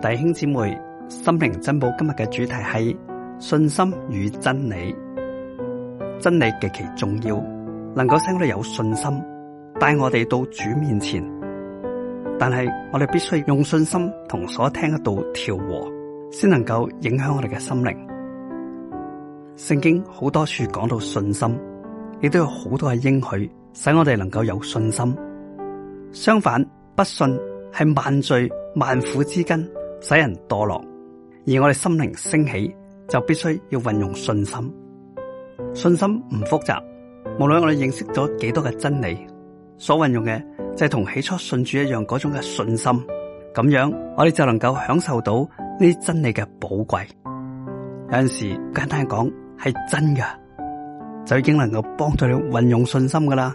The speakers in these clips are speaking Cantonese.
弟兄姊妹，心靈珍寶今日嘅主題係信心與真理。真理極其重要，能夠使我哋有信心，帶我哋到主面前。但係我哋必須用信心同所聽得到調和，先能夠影響我哋嘅心靈。聖經好多處講到信心，亦都有好多嘅應許，使我哋能夠有信心。相反，不信係萬罪萬苦之根。使人墮落，而我哋心靈升起就必須要運用信心。信心唔複雜，無論我哋認識咗幾多嘅真理，所運用嘅就係同起初信主一樣嗰種嘅信心。咁樣我哋就能夠享受到呢啲真理嘅寶貴。有陣時簡單講係真噶，就已經能夠幫助你運用信心噶啦。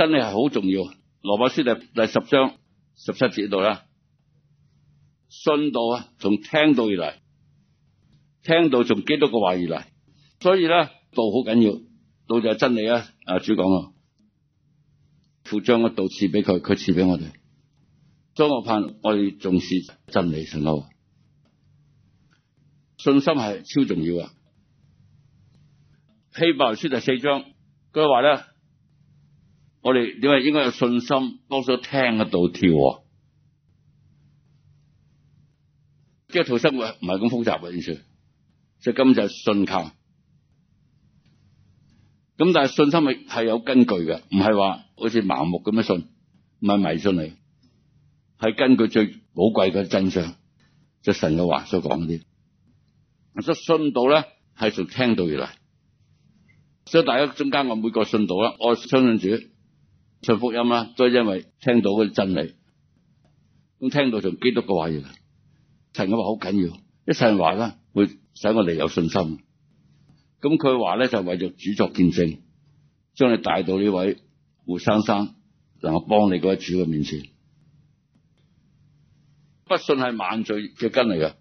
真理係好重要，《羅馬書》第第十章十七節度啦，信道啊，從聽到而嚟，聽到從基督嘅話而嚟，所以咧，道好緊要，道就係真理啊！阿主講啊，父將個道賜俾佢，佢賜俾我哋。張國盼我哋重視真理神路，信心係超重要啊！《希伯來書》第四章佢話咧。我哋點解應該有信心，多數聽得到跳，即係條生活唔係咁複雜嘅，意思即係根本就係信靠。咁但係信心係係有根據嘅，唔係話好似盲目咁樣信，唔係迷信嚟，係根據最寶貴嘅真相，即、就是、神嘅話所講啲。所以信道咧係從聽道而嚟，所以大家中間我每個信道啦，我相信主。信福音啦，都係因為聽到嗰啲真理。咁聽到就基督嘅話嘢啦。神嘅話好緊要，一世人話啦，會使我哋有信心。咁佢話咧就為咗主作見證，將你帶到呢位活生生，能夠幫你嗰位主嘅面前。不信係萬罪嘅根嚟嘅。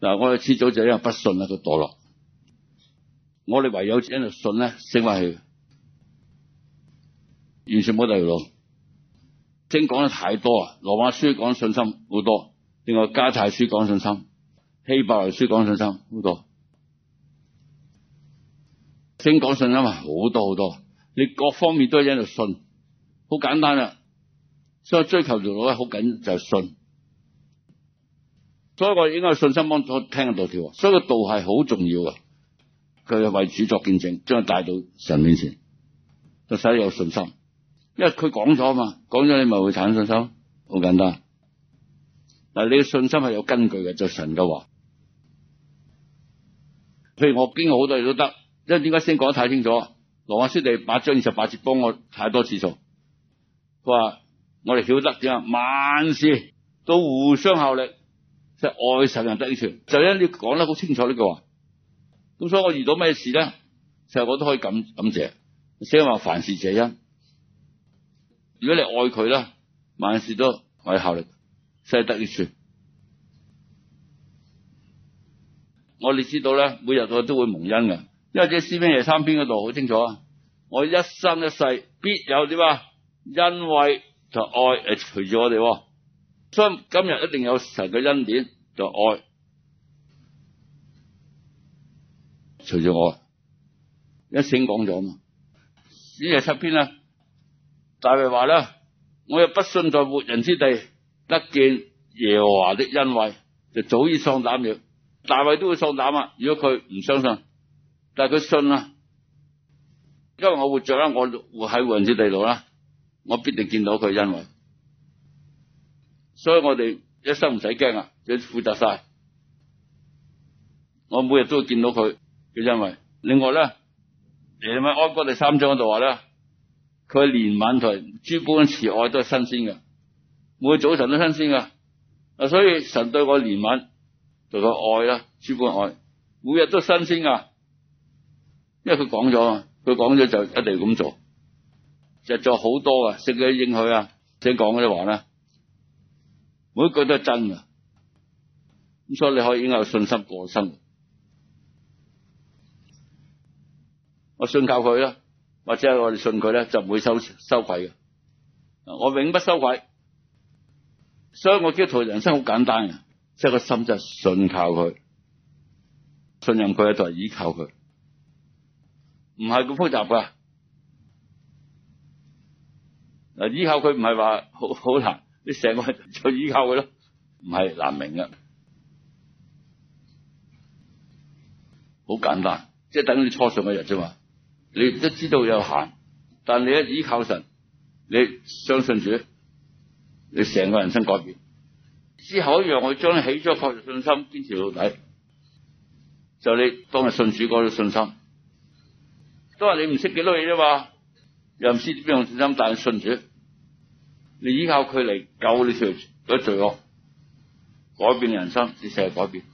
嗱，我哋遲早就因為不信咧，都墮落。我哋唯有喺度信咧，升翻去。完全冇第二條路。聖經講得太多啊！羅馬書講信心好多，另外加太書講信心，希伯來書講信心好多。聖經講信心啊，好多好多。你各方面都喺度信，好簡單啦。所以追求條路咧好緊要就係信。所以我應該有信心幫佢聽道條。所以個道係好重要噶，佢係為主作見證，將佢帶到神面前。就要使有信心。因為佢講咗啊嘛，講咗你咪會產生信心，好簡單。嗱，你嘅信心係有根據嘅，就是、神嘅話。譬如我經過好多嘢都得，因為點解先講得太清楚？《羅馬書》第八章二十八節，幫我太多次佢話我哋曉得點啊，萬事都互相效力，即、就、係、是、愛神人得益處，就因為你講得好清楚呢句話。咁所以我遇到咩事咧，其實我都可以感感謝。先話凡事謝恩。如果你愛佢咧，萬事都為效力，真係得益處。我哋知道咧，每日都會蒙恩嘅，因為啲《詩篇》廿三篇嗰度好清楚啊！我一生一世必有啲啊？恩惠慈愛誒，隨住我哋，所以今日一定有神嘅恩典愛，就愛隨住我。一先講咗嘛，《詩篇》七篇啊。大衛話啦，我又不信在活人之地得見耶和華的恩惠，就早已喪膽了。大衛都會喪膽啊！如果佢唔相信，但係佢信啊，因為我活着啦，我活喺活人之地度啦，我必定見到佢恩惠。所以我哋一生唔使驚啊，就負責晒，我每日都會見到佢嘅恩惠。另外咧，耶利米哀歌第三章嗰度話咧，佢憐憫同諸般慈愛都係新鮮嘅，每個早晨都是新鮮嘅。啊，所以神對我憐憫就我愛啦，諸般愛，每日都是新鮮噶。因為佢講咗，佢講咗就一定咁做，就做好多啊，聖嘅應許啊，先講嗰啲話咧，每一句都係真嘅。咁所以你可以應有信心過生活，我信靠佢啦。或者係我哋信佢咧，就唔會羞羞愧嘅。我永不羞愧，所以我基督徒人生好簡單嘅，即係個心就信靠佢，信任佢咧，就係依靠佢，唔係咁複雜噶。嗱，倚靠佢唔係話好好難，你成個人就依靠佢咯，唔係難明嘅，好簡單，即係等於初信嗰日啫嘛。你都知道有限，但你一依靠神，你相信主，你成個人生改變。之後一樣我將起初確實信心堅持到底。就你當日信主嗰啲信心，都話你唔識幾多嘢啫嘛。又唔知邊樣信心，但係信主，你依靠佢嚟救你脫咗罪惡，改變人生，你成日改變。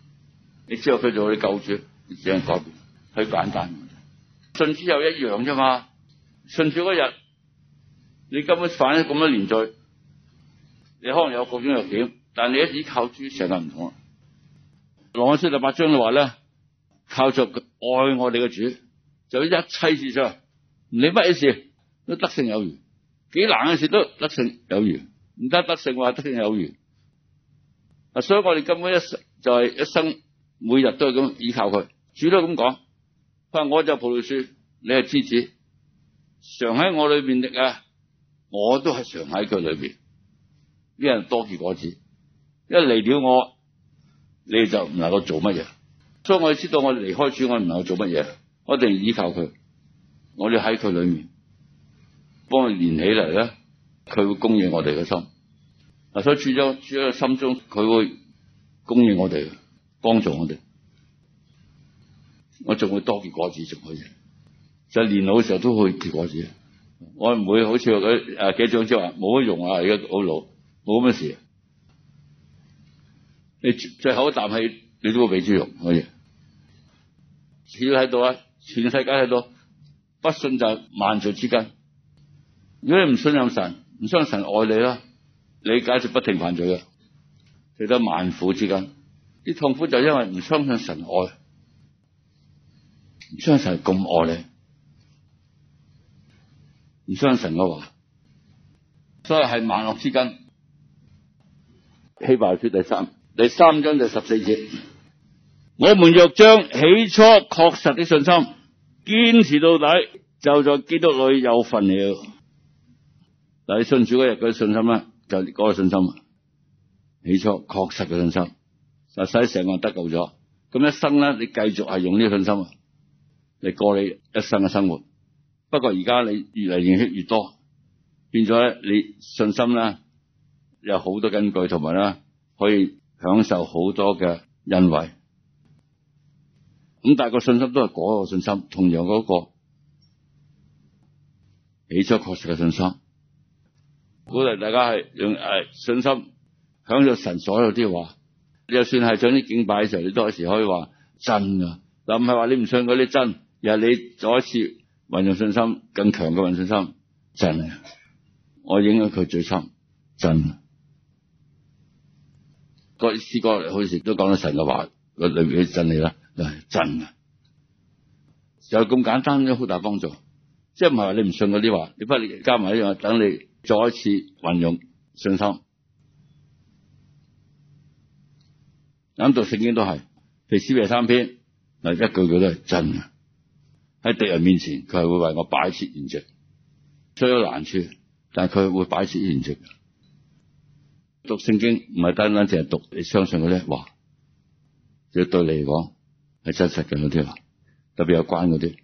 你知道佢做你的救主，你先改變，好簡單。信主又一樣啫嘛！信主嗰日，你根本犯咗咁多年罪，你可能有各種弱點，但你一依靠主，成日唔同啦。羅馬書第八章嘅話咧，靠着愛我哋嘅主，就一切事上你乜嘢事都得勝有餘，幾難嘅事都得勝有餘，唔得得勝話得勝有餘。啊，所以我哋根本一生就係、是、一生每日都係咁依靠佢，主都咁講。佢話我就葡萄樹，你係枝子，常喺我裏邊的啊！我都係常喺佢裏邊啲人多結果子，一嚟了我，你就唔能夠做乜嘢。所以我要知道我們離開主，我唔能夠做乜嘢。我哋依靠佢，我哋喺佢裏面幫佢連起嚟咧，佢會供應我哋嘅心。嗱，所以主喺主喺心中，佢會供應我哋，幫助我哋。仲會多結果子，仲可以。就是，年老嘅時候都可以結果子。我唔會好似佢誒記者即係話冇乜用啊，而家好老冇乜事。你最後一啖氣，你都會俾豬肉可以。只要喺度啊，全世界喺度。不信就萬罪之間。如果你唔信任神，唔相信神愛你啦，你簡直不停犯罪嘅，其得萬苦之間。啲痛苦就因為唔相信神愛。唔相信係咁愛你，唔相信神嘅話，所以係萬惡之根。希伯來書第三第三章就十四節，我們若將起初確實嘅信心堅持到底，就在基督裏有份了。但信主嗰日嘅信心咧，就嗰個信心，起初確實嘅信心，就使成個人得救咗。咁一生咧，你繼續係用呢個信心。你過你一生嘅生活，不過而家你越嚟越識越多，變咗咧你信心啦有好多根據，同埋咧可以享受好多嘅恩惠。咁但係個信心都係嗰個信心，同樣嗰個起初確實嘅信心。鼓勵大家係用誒信心享受神所有啲話，你就算係上啲敬拜嘅時候，你都有時可以話真啊，嗱唔係話你唔信嗰啲真。又你再一次運用信心，更強嘅運信心，真啊！我影響佢最深，真啊！個詩歌好似都講咗神嘅話，個裏邊真理啦，係真嘅，就係咁簡單，有好大幫助。即係唔係話你唔信嗰啲話，你不如加埋呢樣，等你再一次運用信心。諗到聖經都係，譬如詩篇三篇嗱，一句句都係真嘅。喺敵人面前，佢係會為我擺設筵席，雖有難處，但係佢會擺設筵席。讀聖經唔係單單淨係讀，你相信嗰啲，哇！如果對你嚟講係真實嘅嗰啲話，特別有關嗰啲。